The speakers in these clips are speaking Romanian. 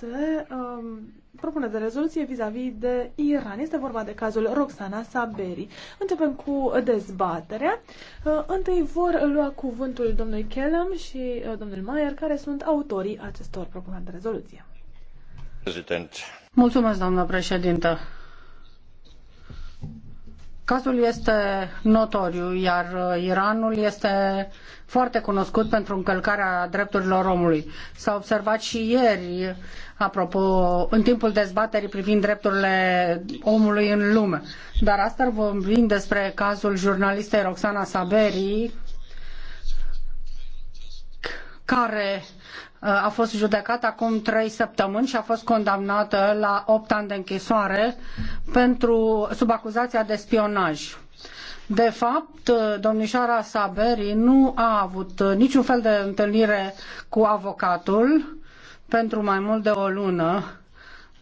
7, um, propune de rezoluție vis-a-vis -vis de Iran. Este vorba de cazul Roxana Saberi. Începem cu dezbaterea. Uh, întâi vor lua cuvântul domnul Kellam și uh, domnul Mayer, care sunt autorii acestor propuneri de rezoluție. Mulțumesc, doamnă președintă. Cazul este notoriu, iar uh, Iranul este foarte cunoscut pentru încălcarea drepturilor omului. S-a observat și ieri, apropo, în timpul dezbaterii privind drepturile omului în lume. Dar astăzi vorbim despre cazul jurnalistei Roxana Saberi, care uh, a fost judecată acum trei săptămâni și a fost condamnată la opt ani de închisoare pentru, sub acuzația de spionaj. De fapt, uh, domnișoara Saberi nu a avut niciun fel de întâlnire cu avocatul pentru mai mult de o lună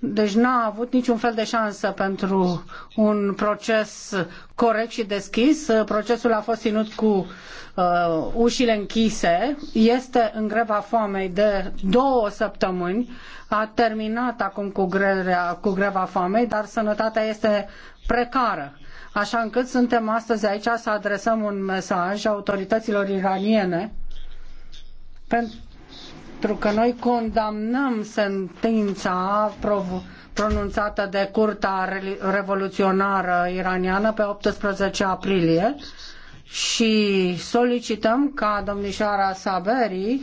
deci n-a avut niciun fel de șansă pentru un proces corect și deschis. Procesul a fost ținut cu uh, ușile închise. Este în greva foamei de două săptămâni. A terminat acum cu, grerea, cu greva foamei, dar sănătatea este precară. Așa încât suntem astăzi aici să adresăm un mesaj autorităților iraniene pentru pentru că noi condamnăm sentința pronunțată de Curtea Revoluționară Iraniană pe 18 aprilie și solicităm ca domnișoara Saberi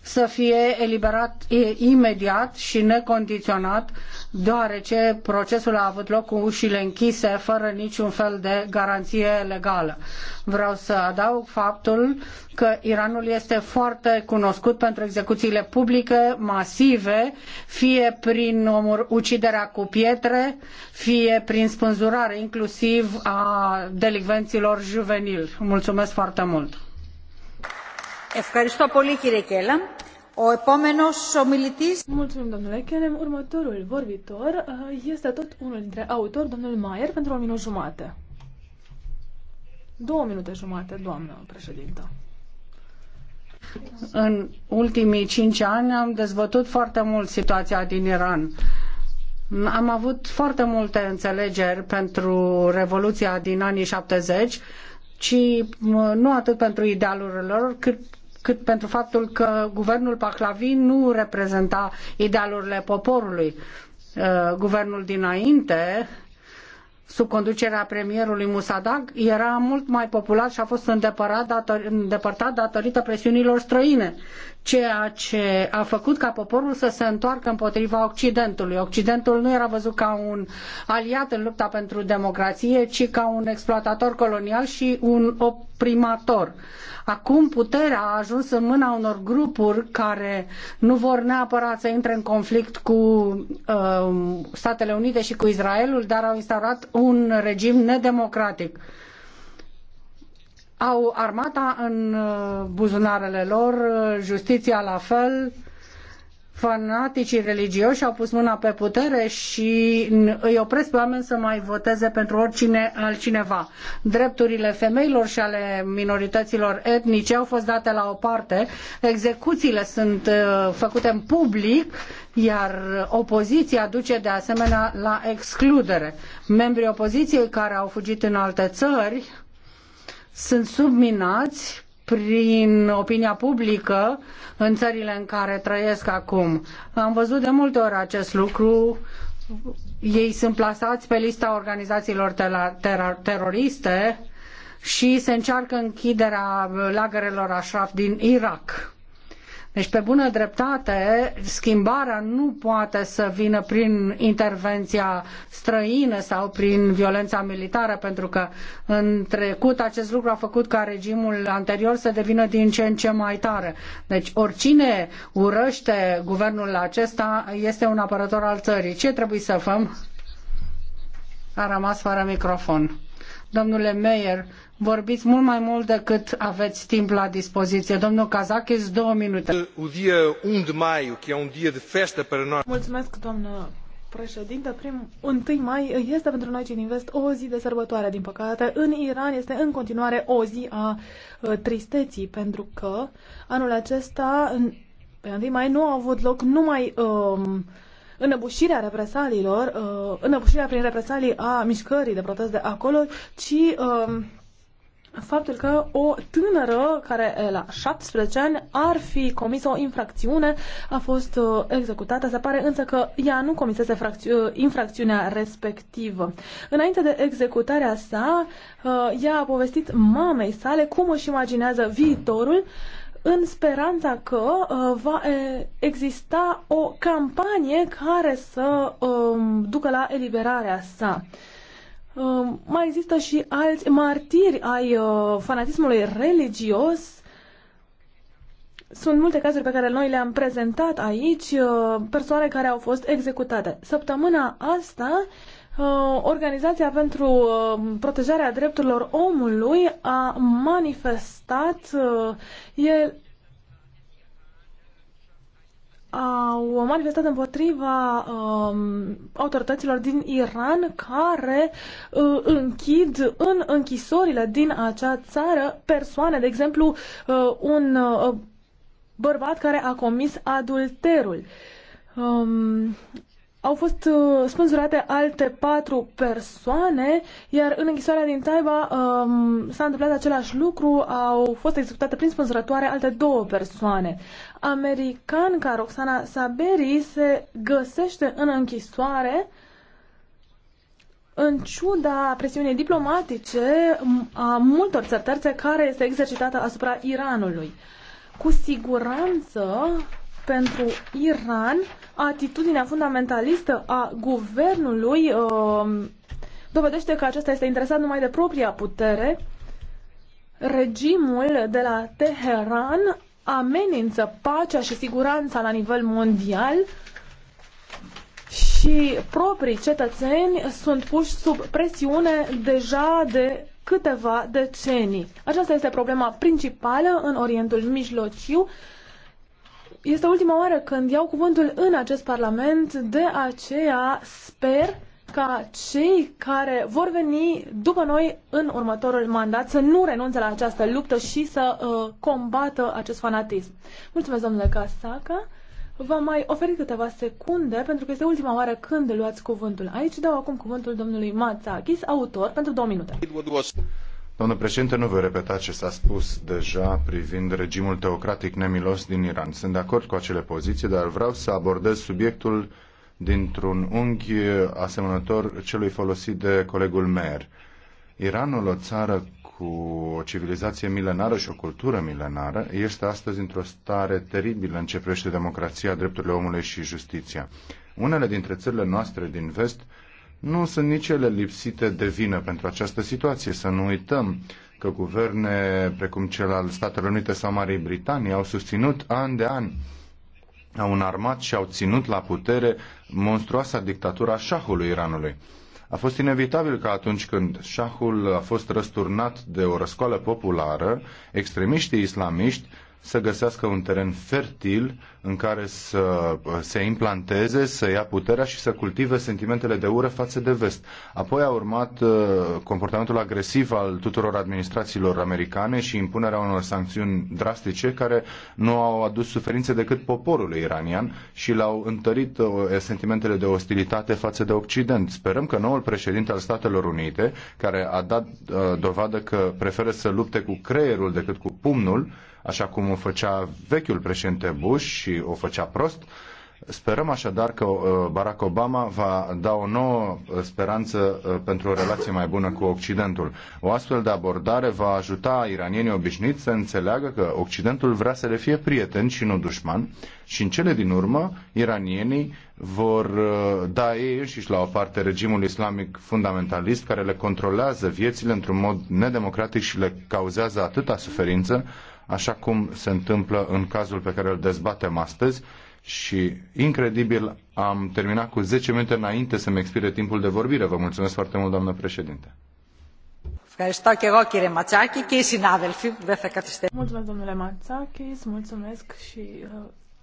să fie eliberat imediat și necondiționat deoarece procesul a avut loc cu ușile închise, fără niciun fel de garanție legală. Vreau să adaug faptul că Iranul este foarte cunoscut pentru execuțiile publice masive, fie prin uciderea cu pietre, fie prin spânzurare, inclusiv a delicvenților juvenili. Mulțumesc foarte mult! Ευχαριστώ πολύ o epomenos omilitis. Mulțumim, domnule Următorul vorbitor uh, este tot unul dintre autori, domnul Maier, pentru o minut jumate. Două minute jumate, doamnă președintă. În ultimii cinci ani am dezbătut foarte mult situația din Iran. Am avut foarte multe înțelegeri pentru Revoluția din anii 70, ci uh, nu atât pentru idealurile lor, cât cât pentru faptul că guvernul Pahlavi nu reprezenta idealurile poporului. Uh, guvernul dinainte, sub conducerea premierului Musadag, era mult mai popular și a fost dator, îndepărtat datorită presiunilor străine ceea ce a făcut ca poporul să se întoarcă împotriva Occidentului. Occidentul nu era văzut ca un aliat în lupta pentru democrație, ci ca un exploatator colonial și un oprimator. Acum puterea a ajuns în mâna unor grupuri care nu vor neapărat să intre în conflict cu uh, Statele Unite și cu Israelul, dar au instaurat un regim nedemocratic. Uh, au armata în uh, buzunarele lor, uh, justiția la fel, fanaticii religioși au pus mâna pe putere și îi opresc pe oameni să mai voteze pentru oricine altcineva. Drepturile femeilor și ale minorităților etnice au fost date la o parte, execuțiile sunt uh, făcute în public, iar opoziția duce de asemenea la excludere. Membrii opoziției care au fugit în alte țări sunt subminați prin opinia publică în țările în care trăiesc acum. Am văzut de multe ori acest lucru. Ei sunt plasați pe lista organizațiilor teroriste și se încearcă închiderea lagărelor Ashraf din Irak. Deci, pe bună dreptate, schimbarea nu poate să vină prin intervenția străină sau prin violența militară, pentru că în trecut acest lucru a făcut ca regimul anterior să devină din ce în ce mai tare. Deci, oricine urăște guvernul acesta este un apărător al țării. Ce trebuie să facem? A rămas fără microfon. Domnule Meyer, vorbiți mult mai mult decât aveți timp la dispoziție. Domnul Kazakis, două minute. Um Mulțumesc, doamnă președinte. Prim, 1 mai este pentru noi cei din vest o zi de sărbătoare, din păcate. În Iran este în continuare o zi a tristeții, pentru că anul acesta, pe 1 mai, nu au avut loc numai um, înăbușirea represaliilor, uh, înăbușirea prin represalii a mișcării de protest de acolo, ci uh, faptul că o tânără care la 17 ani ar fi comis o infracțiune a fost uh, executată. Se pare însă că ea nu comisese uh, infracțiunea respectivă. Înainte de executarea sa, uh, ea a povestit mamei sale cum își imaginează viitorul în speranța că uh, va exista o campanie care să um, ducă la eliberarea sa. Uh, Ehm, mai există și alți martiri ai uh, fanatismului religios. Sunt multe cazuri pe care noi le-am prezentat aici, uh, persoane care au fost executate. Săptămâna asta, uh, Organizația pentru Protejarea Drepturilor Omului a manifestat, au manifestat împotriva um, autorităților din Iran care uh, închid în închisorile din acea țară persoane, de exemplu, uh, un uh, bărbat care a comis adulterul. Um, au fost uh, spânzurate alte patru persoane, iar în închisoarea din Taiba um, s-a întâmplat același lucru, au fost executate prin spânzurătoare alte două persoane. Americanca Roxana Saberi se găsește în închisoare în ciuda presiunii diplomatice a multor țări terțe care este exercitată asupra Iranului. Cu siguranță pentru Iran, atitudinea fundamentalistă a guvernului um, dovedește că acesta este interesat numai de propria putere. Regimul de la Teheran amenință pacea și siguranța la nivel mondial și proprii cetățeni sunt puși sub presiune deja de câteva decenii. Aceasta este problema principală în Orientul Mijlociu este ultima oară când iau cuvântul în acest Parlament, de aceea sper ca cei care vor veni după noi în următorul mandat să nu renunțe la această luptă și să uh, combată acest fanatism. Mulțumesc, domnule Casaca. V-am mai oferit câteva secunde, pentru că este ultima oară când luați cuvântul aici. Dau acum cuvântul domnului Matsakis, autor, pentru două minute. Domnul președinte, nu voi repeta ce s-a spus deja privind regimul teocratic nemilos din Iran. Sunt de acord cu acele poziții, dar vreau să abordez subiectul dintr-un unghi asemănător celui folosit de colegul Meyer. Iranul, o țară cu o civilizație milenară și o cultură milenară, este astăzi într-o stare teribilă în ce privește democrația, drepturile omului și justiția. Unele dintre țările noastre din vest nu sunt nici ele lipsite de vină pentru această situație. Să nu uităm că guverne precum cel al Statelor Unite sau Marii Britanii au susținut an de an au înarmat și au ținut la putere monstruoasa dictatura șahului Iranului. A fost inevitabil că atunci când șahul a fost răsturnat de o răscoală populară, extremiștii islamiști să găsească un teren fertil în care să uh, se implanteze, să ia puterea și să cultive sentimentele de ură față de vest. Apoi a urmat uh, comportamentul agresiv al tuturor administrațiilor americane și impunerea unor sancțiuni drastice care nu au adus suferințe decât poporului iranian și l-au întărit uh, sentimentele de ostilitate față de Occident. Sperăm că noul președinte al Statelor Unite, care a dat dovadă că preferă să lupte cu creierul decât cu pumnul, așa cum o făcea vechiul președinte Bush și o făcea prost, Sperăm așadar că uh, Barack Obama va da o nouă uh, speranță uh, pentru o relație mai bună cu Occidentul. O astfel de abordare va ajuta iranienii obișnuiți să înțeleagă că Occidentul vrea să le fie prieten și nu dușman și în cele din urmă iranienii vor da ei înșiși la o parte regimul islamic fundamentalist care le controlează viețile într-un mod nedemocratic și le cauzează atâta suferință, așa cum se întâmplă în cazul pe care îl dezbatem astăzi, și incredibil am terminat cu 10 minute înainte să-mi expire timpul de vorbire. Vă mulțumesc foarte mult, doamnă președinte. Mulțumesc, domnule Matsakis, mulțumesc și uh,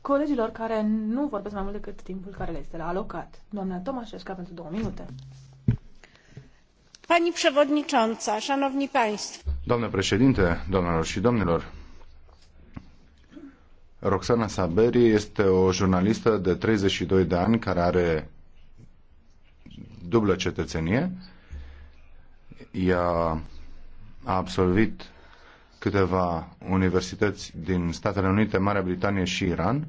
colegilor care nu vorbesc mai mult decât timpul care le este la alocat. Doamna Tomașesca, pentru două minute. Pani przewodnicząca, szanowni państwo. Doamnă președinte, doamnelor și domnilor, Roxana Saberi este o jurnalistă de 32 de ani care are dublă cetățenie. Ea a absolvit câteva universități din Statele Unite, Marea Britanie și Iran.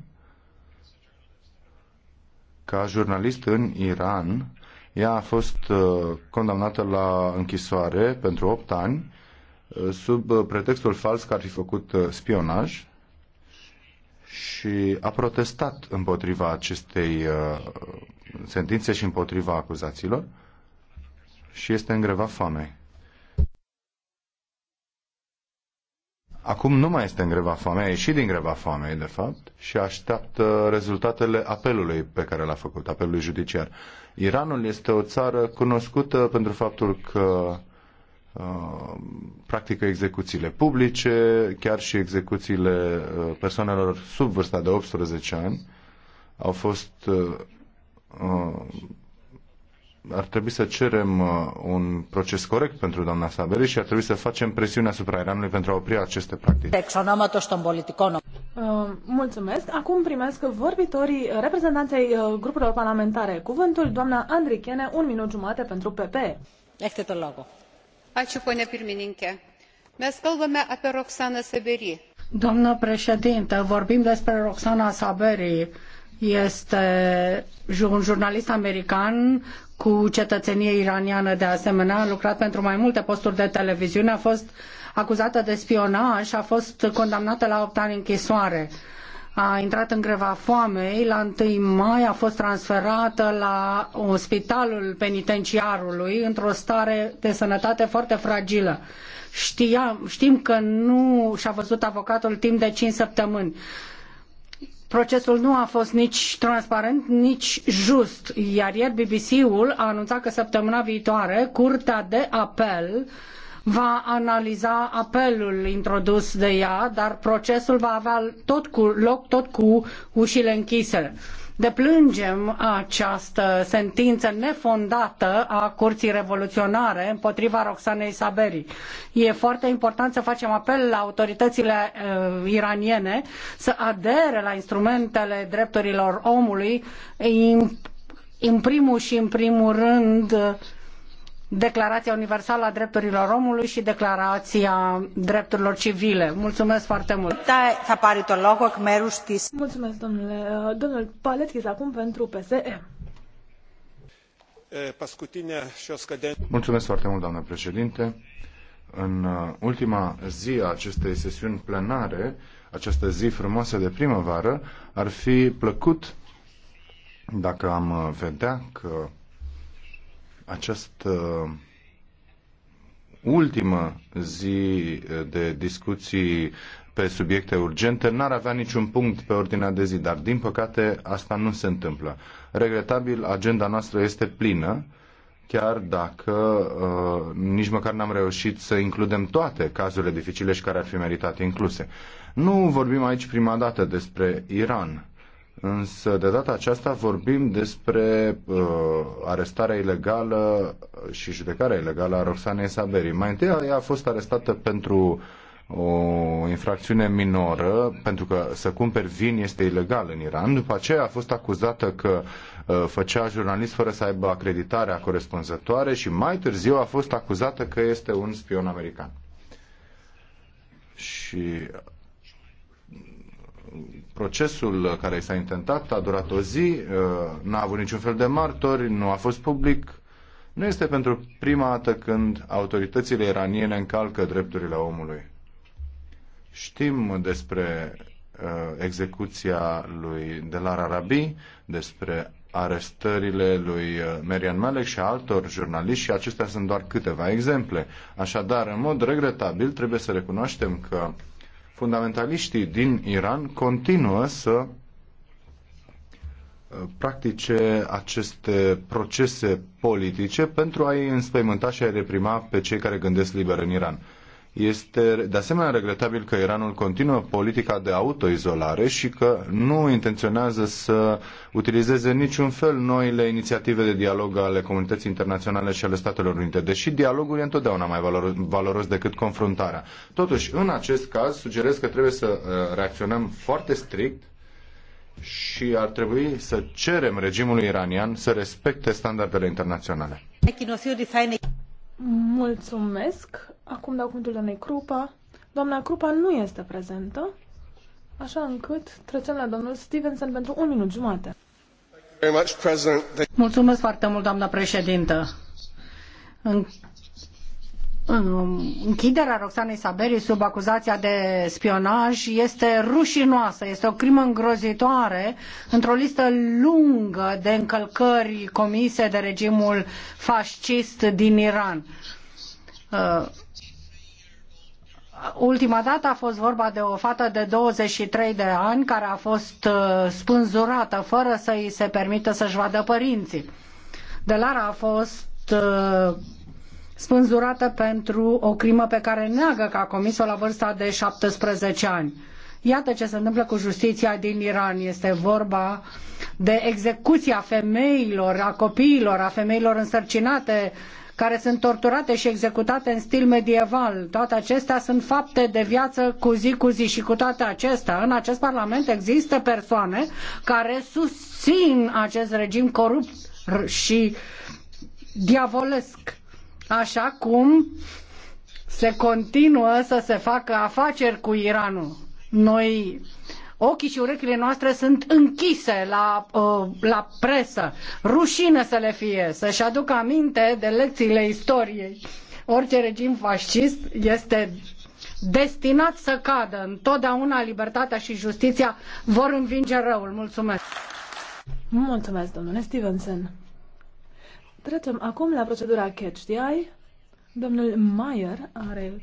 Ca jurnalist în Iran, ea a fost uh, condamnată la închisoare pentru 8 ani uh, sub uh, pretextul fals că ar fi făcut spionaj și a protestat împotriva acestei uh, sentințe și împotriva acuzațiilor și este în greva foamei. Acum nu mai este în greva foamei, a ieșit din greva foamei, de fapt, și așteaptă rezultatele apelului pe care l-a făcut, apelului judiciar. Iranul este o țară cunoscută pentru faptul că Uh, practică execuțiile publice, chiar și execuțiile uh, persoanelor sub vârsta de 18 ani au fost uh, ar trebui să cerem un proces corect pentru doamna Saberi și ar trebui să facem presiune asupra Iranului pentru a opri aceste practici. Mulțumesc. Acum primesc vorbitorii reprezentanței grupurilor parlamentare. Cuvântul doamna Andrichene, un minut jumate pentru PP. Este tot locul saberi. Doamnă președintă, vorbim despre Roxana Saberi. Este un jurnalist american cu cetățenie iraniană de asemenea, a lucrat pentru mai multe posturi de televiziune, a fost acuzată de spionaj, a fost condamnată la opt ani închisoare a intrat în greva foamei, la 1 mai a fost transferată la spitalul penitenciarului într-o stare de sănătate foarte fragilă. Știam, știm că nu și-a văzut avocatul timp de cinci săptămâni. Procesul nu a fost nici transparent, nici just, iar ieri BBC-ul a anunțat că săptămâna viitoare Curtea de Apel uh, va analiza apelul introdus de ea, dar procesul va avea tot cu, loc tot cu ușile închise. Deplângem această sentință nefondată a Curții Revoluționare împotriva Roxanei Saberi. E foarte important să facem apel la autoritățile uh, iraniene să adere la instrumentele drepturilor omului, în primul și în primul rând Declarația Universală a Drepturilor Omului și Declarația Drepturilor Civile. Mulțumesc foarte mult! Da, că Mulțumesc, domnule. Uh, domnul Paletis, acum pentru PSE. Eh, Mulțumesc foarte mult, doamnă președinte. În uh, ultima zi a acestei sesiuni plenare, această zi frumoasă de primăvară, ar fi plăcut dacă am uh, vedea că această uh, ultimă zi de discuții pe subiecte urgente n-ar avea niciun punct pe ordinea de zi, dar din păcate asta nu se întâmplă. Regretabil, agenda noastră este plină, chiar dacă uh, nici măcar n-am reușit să includem toate cazurile dificile și care ar fi meritat incluse. Nu vorbim aici prima dată despre Iran Însă, de data aceasta, vorbim despre uh, arestarea ilegală și judecarea ilegală a Roxanei Saberi. Mai întâi, ea a fost arestată pentru o infracțiune minoră, pentru că să cumperi vin este ilegal în Iran. După aceea a fost acuzată că uh, făcea jurnalist fără să aibă acreditarea corespunzătoare și mai târziu a fost acuzată că este un spion american. Și procesul care s-a intentat a durat o zi, uh, n-a avut niciun fel de martori, nu a fost public. Nu este pentru prima dată când autoritățile iraniene încalcă drepturile omului. Știm despre uh, execuția lui Delar Arabi, despre arestările lui uh, Merian Malek și altor jurnaliști și acestea sunt doar câteva exemple. Așadar, în mod regretabil, trebuie să recunoaștem că fundamentaliștii din Iran continuă să uh, practice aceste procese politice pentru a-i înspăimânta și a-i reprima pe cei care gândesc liber în Iran. Este de asemenea regretabil că Iranul continuă politica de autoizolare și că nu intenționează să utilizeze niciun fel noile inițiative de dialog ale comunității internaționale și ale Statelor Unite, deși dialogul e întotdeauna mai valoros decât confruntarea. Totuși, în acest caz, sugerez că trebuie să uh, reacționăm foarte strict și ar trebui să cerem regimului iranian să respecte standardele internaționale. Mulțumesc. Acum dau cuvântul doamnei Crupa. Doamna Crupa nu este prezentă, așa încât trecem la domnul Stevenson pentru un minut jumate. Mulțumesc foarte mult, doamna președintă. În închiderea Roxanei Saberi sub acuzația de spionaj este rușinoasă, este o crimă îngrozitoare într-o listă lungă de încălcări comise de regimul fascist din Iran. Uh, ultima dată a fost vorba de o fată de 23 de ani care a fost uh, spânzurată fără să i se permită să-și vadă părinții. Delara a fost uh, spânzurată pentru o crimă pe care neagă că a comis-o la vârsta de 17 ani. Iată ce se întâmplă cu justiția din Iran. Este vorba de execuția femeilor, a copiilor, a femeilor însărcinate, care sunt torturate și executate în stil medieval. Toate acestea sunt fapte de viață cu zi cu zi și cu toate acestea. În acest Parlament există persoane care susțin acest regim corupt și diavolesc așa cum se continuă să se facă afaceri cu Iranul. Noi, ochii și urechile noastre sunt închise la, uh, la presă. Rușine să le fie, să-și aducă aminte de lecțiile istoriei. Orice regim fascist este destinat să cadă. Întotdeauna libertatea și justiția vor învinge răul. Mulțumesc! Mulțumesc, domnule Stevenson! Trecem acum la procedura Catch the Eye. Domnul Mayer are,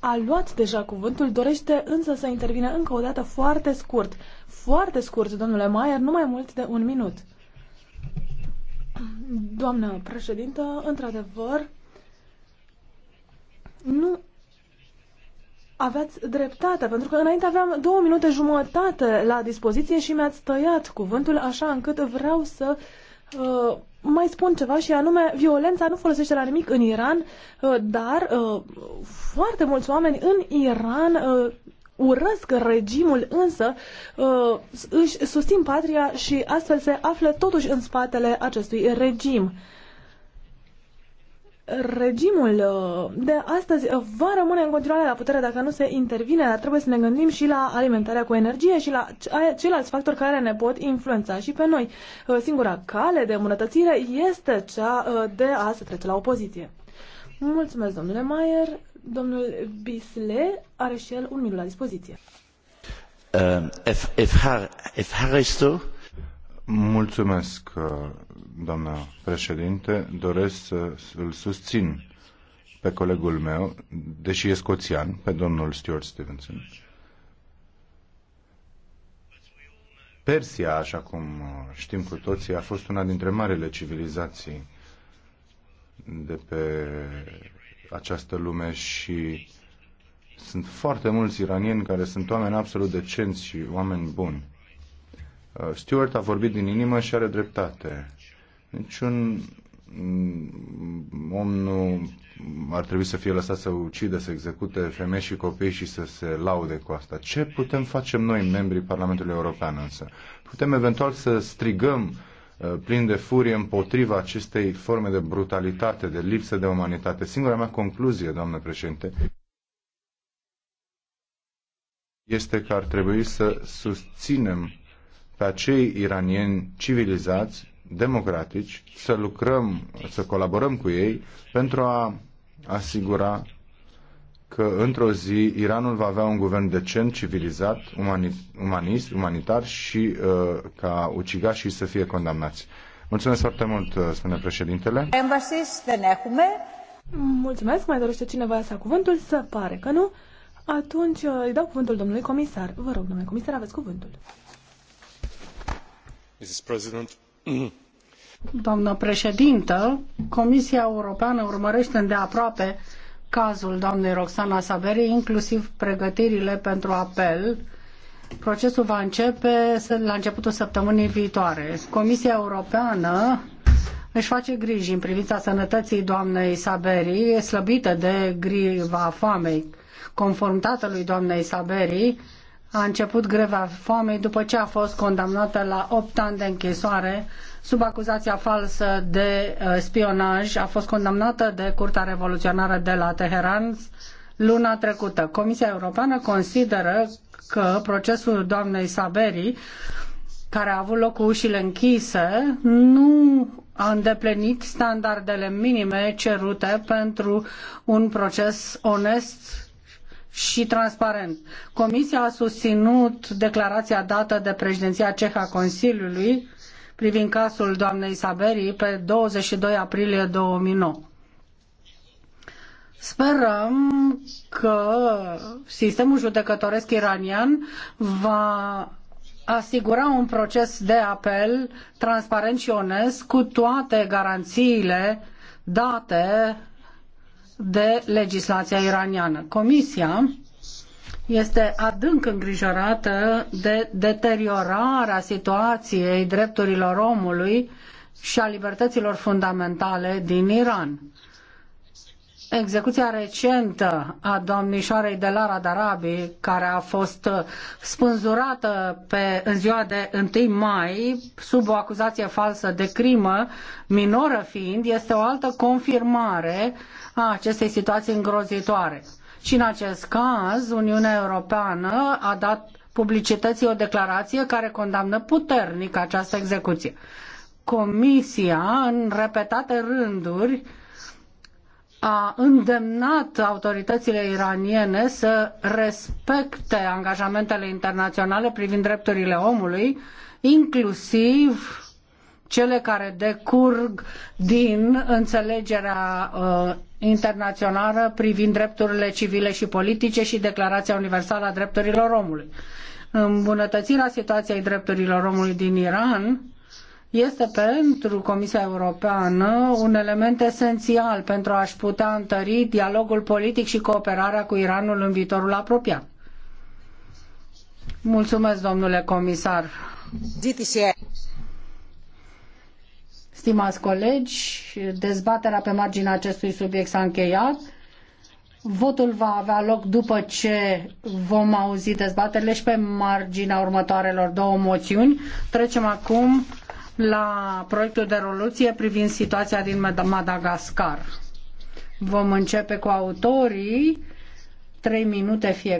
a luat deja cuvântul, dorește însă să intervine încă o dată foarte scurt. Foarte scurt, domnule Mayer, nu mai mult de un minut. Doamnă președintă, într-adevăr, nu aveați dreptate, pentru că înainte aveam două minute jumătate la dispoziție și mi-ați tăiat cuvântul așa încât vreau să uh, mai spun ceva și anume, violența nu folosește la nimic în Iran, uh, dar uh, foarte mulți oameni în Iran uh, urăsc regimul, însă își susțin patria și astfel se află totuși în spatele acestui regim regimul uh, de astăzi uh, va rămâne în continuare la putere dacă nu se intervine, dar trebuie să ne gândim și la alimentarea cu energie și la ceilalți factori care ne pot influența și pe noi. Uh, singura cale de îmbunătățire este cea de a se trece la opoziție. Mulțumesc, domnule Maier. Domnul Bisle are și el un minut la dispoziție. Uh, if, if, har, if har Mulțumesc, uh, doamna președinte. Doresc să îl susțin pe colegul meu, deși e scoțian, pe domnul Stuart Stevenson. Persia, așa cum uh, știm cu toții, a fost una dintre marele civilizații de pe această lume și sunt foarte mulți iranieni care sunt oameni absolut decenți și oameni buni. Uh, Stewart a vorbit din inimă și are dreptate. Niciun mm, om nu ar trebui să fie lăsat să ucidă, să execute femei și copii și să se laude cu asta. Ce putem face noi, membrii Parlamentului European însă? Putem eventual să strigăm uh, plin de furie împotriva acestei forme de brutalitate, de lipsă de umanitate. Singura mea concluzie, doamnă președinte, este că ar trebui să susținem pe acei iranieni civilizați, democratici, să lucrăm, să colaborăm cu ei pentru a asigura că într-o zi Iranul va avea un guvern decent, civilizat, umanist, umanist umanitar și uh, ca ucigașii să fie condamnați. Mulțumesc foarte mult, uh, spune președintele. Mulțumesc, mai dorește cineva să cuvântul? Să pare că nu. Atunci uh, îi dau cuvântul domnului comisar. Vă rog, domnule comisar, aveți cuvântul. Doamnă președintă, Comisia Europeană urmărește îndeaproape cazul doamnei Roxana Saberi, inclusiv pregătirile pentru apel. Procesul va începe la începutul săptămânii viitoare. Comisia Europeană își face griji în privința sănătății doamnei Saberi, slăbită de griva foamei. Conform tatălui doamnei Saberi, a început greva foamei după ce a fost condamnată la 8 ani de închisoare sub acuzația falsă de uh, spionaj. A fost condamnată de Curtea Revoluționară de la Teheran luna trecută. Comisia Europeană consideră că procesul doamnei Saberi, care a avut loc cu ușile închise, nu a îndeplinit standardele minime cerute pentru un proces onest și transparent. Comisia a susținut declarația dată de președinția a Consiliului privind cazul doamnei Saberi pe 22 aprilie 2009. Sperăm că sistemul judecătoresc iranian va asigura un proces de apel transparent și onest cu toate garanțiile date de legislația iraniană. Comisia este adânc îngrijorată de deteriorarea situației drepturilor omului și a libertăților fundamentale din Iran execuția recentă a domnișoarei de Lara Darabi, care a fost spânzurată pe, în ziua de 1 mai sub o acuzație falsă de crimă, minoră fiind, este o altă confirmare a acestei situații îngrozitoare. Și în acest caz, Uniunea Europeană a dat publicității o declarație care condamnă puternic această execuție. Comisia, în repetate rânduri, a îndemnat autoritățile iraniene să respecte angajamentele internaționale privind drepturile omului, inclusiv cele care decurg din înțelegerea uh, internațională privind drepturile civile și politice și Declarația Universală a Drepturilor Omului. Îmbunătățirea situației drepturilor omului din Iran este pentru Comisia Europeană un element esențial pentru a-și putea întări dialogul politic și cooperarea cu Iranul în viitorul apropiat. Mulțumesc, domnule comisar. Stimați colegi, dezbaterea pe marginea acestui subiect s-a încheiat. Votul va avea loc după ce vom auzi dezbaterile și pe marginea următoarelor două moțiuni. Trecem acum la proiectul de rezoluție privind situația din Madagascar. Vom începe cu autorii, trei minute fiecare.